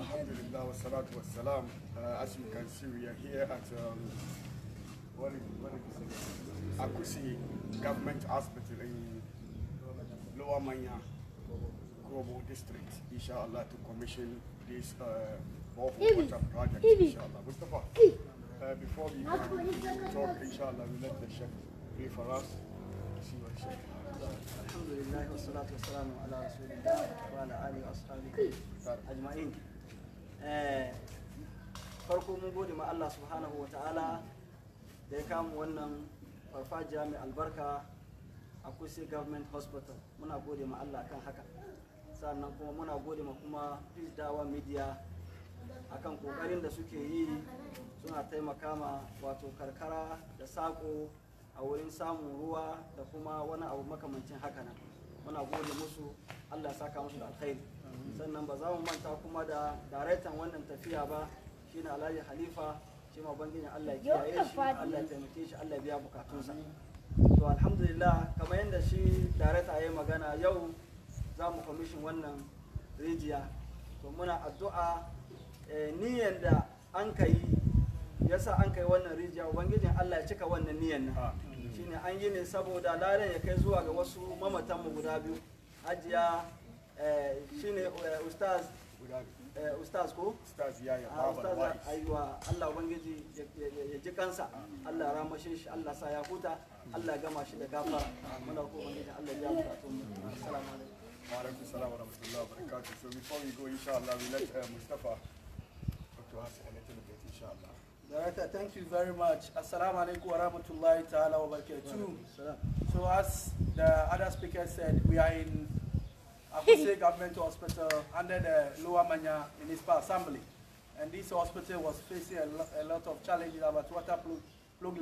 Alhamdulillah wa salatu wa salam. Uh, as you can see, we are here at um, what is, what is Akusi Government Hospital in Lower Manya, Global District, inshallah, to commission this uh, water project, inshallah. Mustafa, uh, before we talk, inshallah, we let the chef pray for us. See what chef الحمد لله والصلاة والسلام على رسول الله وعلى ashabihi وأصحابه أجمعين Eh, farko mun gode ma Allah subhanahu wa ta'ala da ya kama wannan farfajiya mai albarka a kusa government hospital muna gode ma Allah kan haka sannan kuma muna gode ma kuma peace dawa media akan kokarin da suke yi suna taimaka ma wato karkara da sako a wurin samun ruwa da kuma wani abu makamancin haka nan muna gode musu Allah ya saka musu da alkhairi sannan ba za mu manta kuma da daraktan wannan tafiya ba shine alhaji halifa shi ma bangin allah ya kiyaye shi allah ya taimake shi allah ya biya bukatunsa to alhamdulillah kamar yadda shi daraita ya magana yau za mu kwamishin wannan rijiya to muna addu'a eh, niyan da an ka yasa an kai wannan rijiya ubangijin allah ya cika wannan niyan nan shine an yi ne saboda ladan ya kai zuwa ga wasu mamatan mu guda biyu hajiya Eh, shine eh, ustaz eh, ustaz yaya ustaz ah, ah, aiwa Allah ubangiji ya ji kansa Allah shi Allah sa ya huta Allah gama shi da muna ko ubangiji Allah ya assalamu alaikum wa alaikum assalam wa rahmatullahi wa barakatuh so before we go inshallah we let uh, Mustafa talk to us a little bit inshallah Director, thank you very much. Assalamu alaikum wa rahmatullahi ta'ala wa barakatuh. So as the other speaker said, we are in Akuse Government Hospital under the Lower Manya Municipal Assembly. And this hospital was facing a, lo a lot of challenges about water plug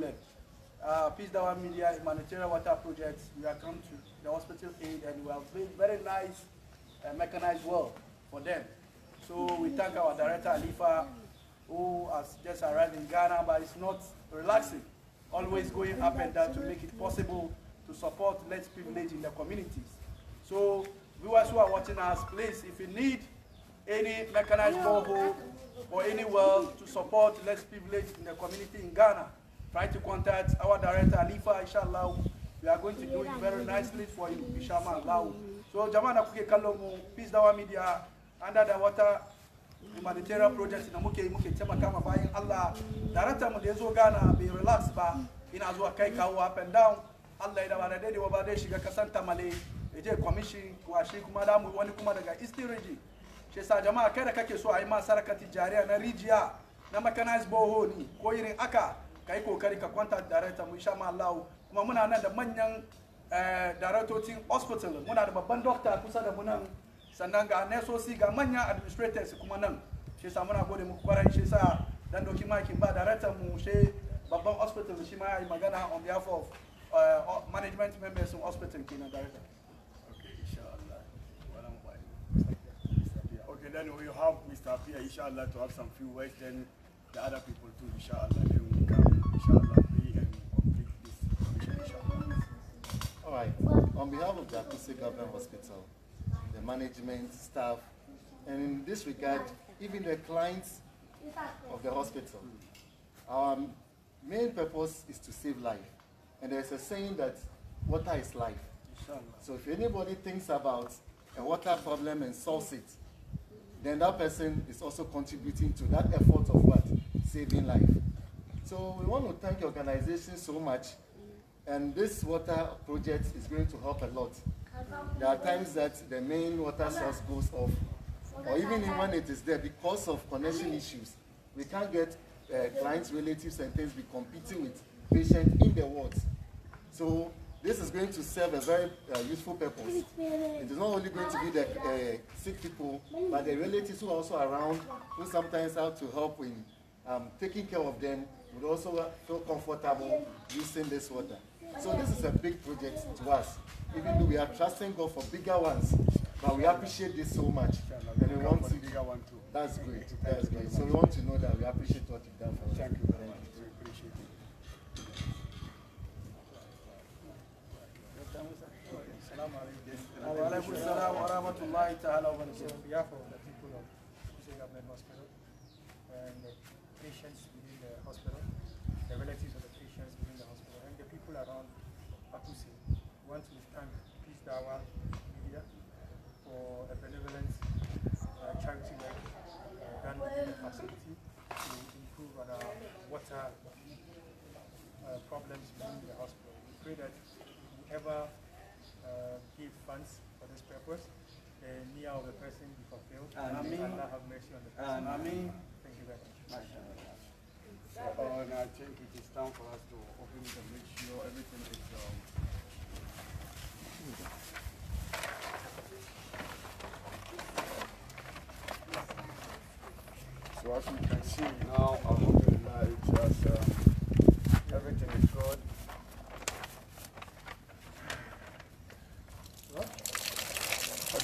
uh, Peace Dawa Media humanitarian water projects, we have come to the hospital aid and we have built very nice uh, mechanized well for them. So we thank our director Alifa who has just arrived in Ghana but it's not relaxing, always going up and down to make it possible to support less privileged in the communities. So viewers who are watching us, please, if you need any mechanized borehole or any well to support less privileged in the community in Ghana, try to contact our director, Alifa Inshallah. We are going to do it very nicely for you, Bishama Lau. So, Jamana Kuke Kalomu, Peace Dawa Media, Under the Water Humanitarian Project in Muke Muke Kama Allah, Director Mudezo Ghana, be relaxed ba, in Azua kwa up and down. Allah, Idabara Dedi Wabade Shiga Kasanta Malay. ya je kwamishin washe kuma da mu wani kuma daga eastern region shi sa jama'a kai da kake so a yi ma sarakar jariya na rijiya na mechanized borehole ne ko irin aka ka kokari ka kwanta director mu insha Allah kuma muna nan da manyan eh, directorin hospital muna da babban doctor kusa da mu nan sannan ga nesosi ga manyan administrators kuma nan shi sa muna gode muku kwarai shi sa dan doki makin ba director mu shi babban hospital shi ma ya yi magana on behalf of eh, management members in hospital kenan director Then we will have Mr. Pia, inshallah, to have some few words, then the other people too, inshallah. Then we can, inshallah, pray and complete this commission, inshallah. All right. On behalf of the Akusi Government Hospital, the management, staff, and in this regard, even the clients of the hospital, our main purpose is to save life. And there's a saying that water is life. Inshallah. So if anybody thinks about a water problem and solves it, then that person is also contributing to that effort of what? Saving life. So we want to thank the organization so much. And this water project is going to help a lot. There are times that the main water source goes off, or even when it is there, because of connection issues, we can't get uh, clients, relatives, and things be competing with patients in the wards. So this is going to serve a very uh, useful purpose. It is not only going to be the uh, sick people, but the relatives who are also around, who sometimes have to help in um, taking care of them, would also uh, feel comfortable using this water. So this is a big project to us, even though we are trusting God for bigger ones. But we appreciate this so much, and we want to. That's great. That's great. So we want to know that we appreciate what you've done for us. Thank you. Allah Ta'ala behalf of the people of Hussein Ahmed Hospital and the patients within the hospital, the relatives of the patients within the hospital, and the people around Pakusi. We want to thank Peace Dawa Media for a benevolent uh, charity work uh, done in the facility to improve on our water uh, problems within the hospital. We pray that whoever uh, give funds for this purpose niyyah of the person be fulfilled. Ameen. Allah have mercy on the ah, person. Ameen. Thank you very much. Mashallah. Oh, so, and I think it is time for us to open the make sure everything is um, So as you can see now, I Alhamdulillah, it's just, uh, everything is good.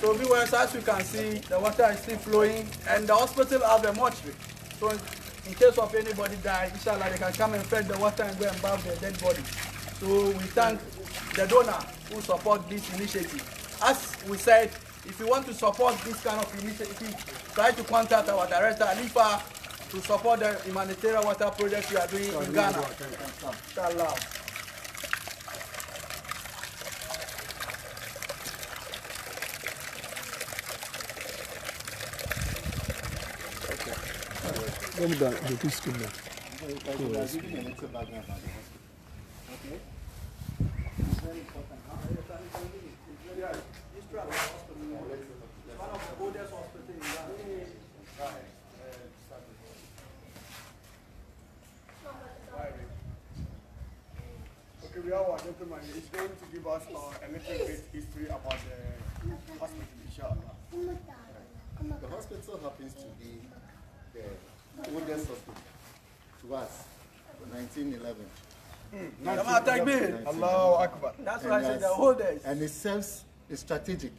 So viewers, as you can see, the water is still flowing and the hospital have a mortuary. So in case of anybody die, inshallah, they can come and fetch the water and go and bathe their dead body. So we thank the donor who support this initiative. As we said, if you want to support this kind of initiative, try to contact our director, Alifa, to support the humanitarian water project we are doing in Ghana. Inshallah. down. The two skin Okay, we have our gentleman. He's going to give us uh, a little bit history about the hospital, inshallah. The hospital happens to be the Hospital to us, 1911. Mm. Allahu Akbar. That's why I said the whole day. And it serves, it's strategic.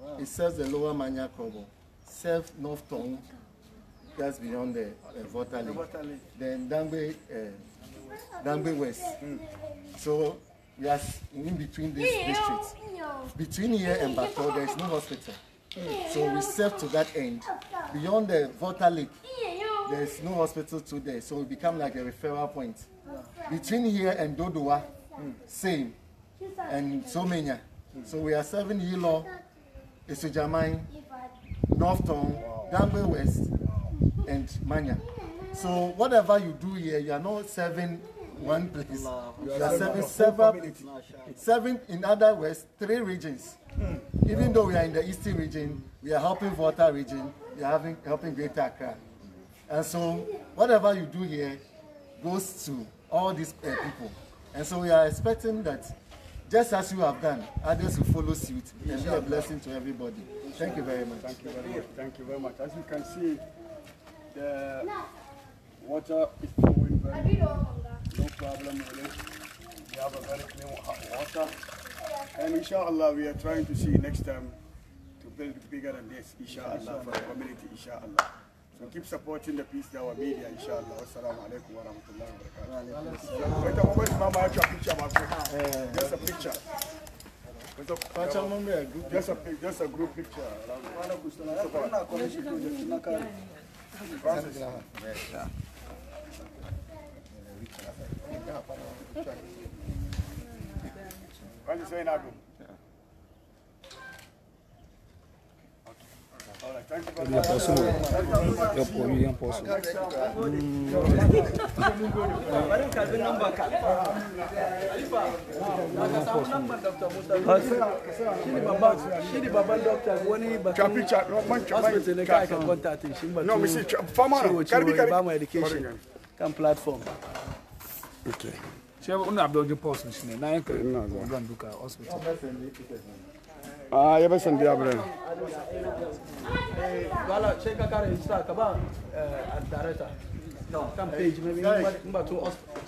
Wow. It serves the lower Manya Kobo, serves North Tongue, just beyond the uh, Vota Lake. Then Dangbe, uh, Dangbe West. Mm. So we are in between these districts. Between here and Bato, there is no hospital. Mm. So we serve to that end. Beyond the Vota Lake, there's no hospital to there, so it become like a referral point. Between here and Dodowa, same, and Somenya. So we are serving Yilo, Isujamai, North Town, Dambe West, and Manya. So whatever you do here, you are not serving one place. you are serving several, serving in other West three regions. Even though we are in the eastern region, we are helping Volta region, we are having, helping Greater Accra. And so whatever you do here goes to all these uh, people. And so we are expecting that just as you have done, others will follow suit and be a blessing to everybody. Thank you very much. Thank you very much. Thank you very much. As you can see, the water is flowing very well. No problem really. We have a very clean water. And inshallah, we are trying to see next time to build bigger than this, inshallah, for the community, inshallah. So keep supporting the Peace Our Media, inshallah. Wassalamu alaikum wa rahmatullahi wa barakatuh. Wait a moment, mama, I have a picture of yeah. Just a picture. Just a, just a group picture. Francis. Yeah. Francis, where are you? É posso é não Eu não e aposto. Shidi não posso não batun hospital ne não posso não shi batun. No, não posso não Karbi karbi. Ba não posso não platform. Okay. Shi não posso não da post ne não posso não zuwa. Duka hospital. Ah, ya ves día, bro. Wala, check a car in stock, about at the No, come page, maybe. But to us,